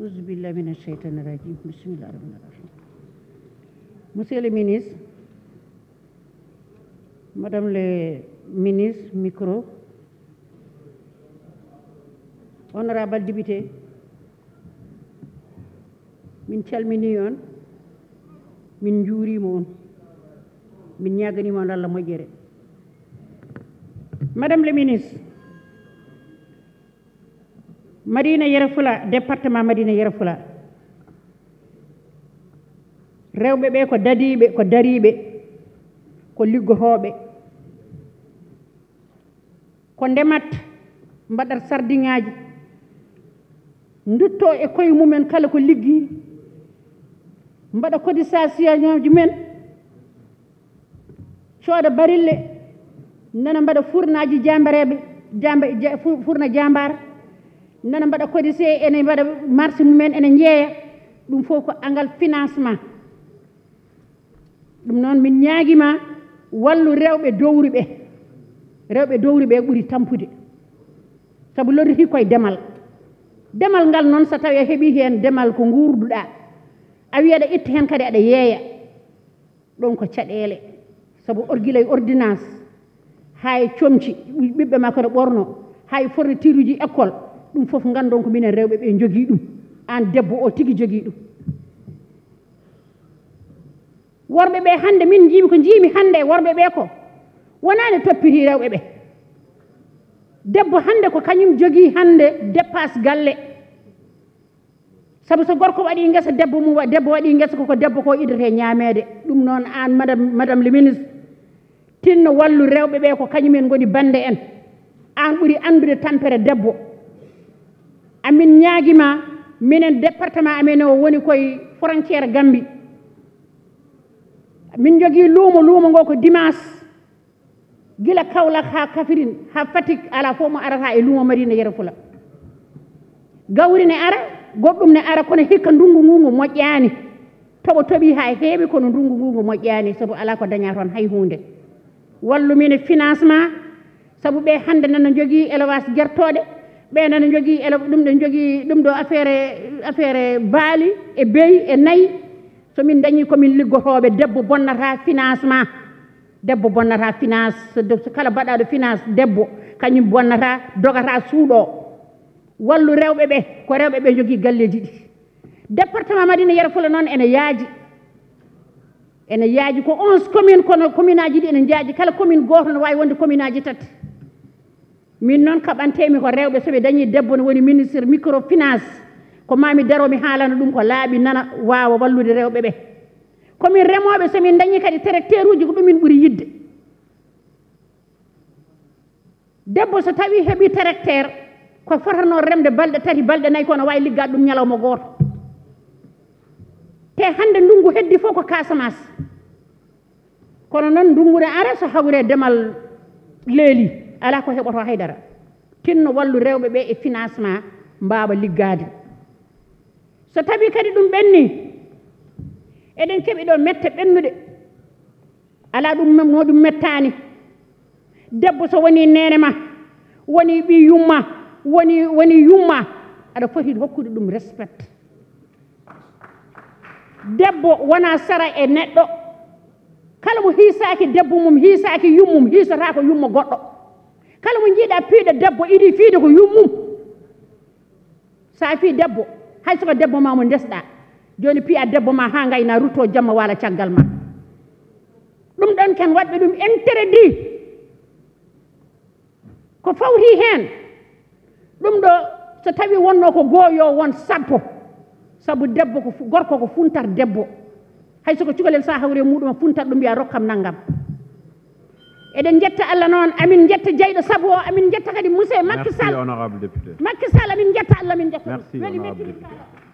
Euzubillahimineşşeytanirracim. Bismillahirrahmanirrahim. Monsieur le ministre, Madame le ministre, micro, honorable député, min calmini on min juurima on min ñaganima on allah madame le ministre madina yere fula département madina yere fula rewɓe ɓe ko dadiɓe ko dariɓe ko liggotoɓe ko ndemat mbaɗat sardiŋaji dutto e koye mumen kala ko liggi mbaɗa cotisationji men cooda barille nana mbaɗa fournaji jambareɓe jambe fourna jambara nana mbaɗa codisé ene mbaɗa marché mumen ene jeeya ɗum fof ko angal financement ɗum noon min ñaagima wallu rewɓe dowru ɓe rewɓe dowru ɓe ɓuri tampude sabu lorriti koye demal demal ngal noon so tawi a heeɓi hen demal ko gurduɗa a wiya aɗa itti hen kadi aɗa yeeya ɗon ko caɗele sabu orgila e ordonnance ha e comci ɓiɓɓe ma kono ɓorno ha e fornitire uji école ɗum fof ngandon ko minen rewɓe ɓe jogii ɗum aan debbo o tigi jogii ɗum worɓe ɓe hannde min njiimi ko njiimi hannde e worɓe ɓee ko wonaani toppitii rewɓe ɓee debbo hannde ko kañum jogii hannde dépasse galle sabu so gorko waɗii ngesa debbo mum debbo waɗii ngesa koko debbo ko idete ñaameede ɗum noon aan madame madame le ministre tinno wallu rewɓe ɓee ko kañumen ngoni bannde en aan ɓuri anndude tampere debbo amin ñaagima minen département amin o woni koye frontiére gambi min jogui luumo luumo ngo ko dimanche gila kawla ha kafirin ha fatik ala fo mo arata e luumo marine yere fula gawri ne ara goɗɗum ne ara kono hikka ndungu ngungu moƴƴani toɓo toɓi ha heeɓi kono ndungu ngungu moƴƴani saabu ala ko daña toon hay hunde wallumine financement saabu ɓe hande nana jogui élevage gertoɗe ɓeenene jogii ele ɗum ɗe jogii ɗum ɗo affaire affaire baali e beyi e nayi so min dañii ko min liggotooɓe debbo bonnataa financement debbo bonnataa finance kala mbaɗaaɗo finance debbo kañum bonnataa dogataa suuɗoo wallu rewɓe ɓee ko rewɓe ɓee jogii galleeji ɗi département madina yere fula noon ene yaaji ene yaaji ko onze commune kono commune aji ɗi ene jaaji kala commune gooto no waawi wonde commune aji tati min noon kaɓantemi ko rewɓe soɓe dañi debbo no woni ministre microfinance ko mami daro mi haalana ɗum ko laaɓi nana wawa wallude rewɓe ɓe komin remoɓe somin dañi kadi tracteur uji ko ɗumin ɓuuri yidde debbo so tawi heeɓi tracteur ko fotano remde balɗe tati balɗe nayyi kono wawi liggade ɗum ñalawma goto te hande ndungu heddi fof ko casamas kono noon ndungu ne ara so hawre demal leeli ala ko heɓoto haydara tinno wallu rewɓe ɓe e financement mbawa liggaade so tawi kadi ɗum ɓenni eɗen keɓi ɗo mette ɓennude ala ɗum no ɗum mettani debbo so woni nene ma woni ɓi yumma woni woni yumma aɗa foti hokkude ɗum respect debbo wona sara e neɗɗo kala mo hiisaaki debbo mum hiisaaki yummum hiisataa ko yumma goɗɗo kala mo jiiɗa fiiɗa debbo iɗi fiide ko yummum sa fi debbo hay soko debbo ma mo ndesɗa joni piya debbo ma ha gayna rutto jamma wala caggal ma ɗum ɗon ken waɗɓe ɗum interdit ko fawri hen ɗum ɗo so tawi wonno ko gooyo won sappo saabu debbo ko gorko ko funtat debbo hay soko cukalel sa hawre muɗum a funtat ɗum mbiya rokkam naggam eden jetta alla non amin jetta jeydo sabo amin jetta kadi monsieur macky sall macky sall amin jetta alla min jetta weli mettimin kaala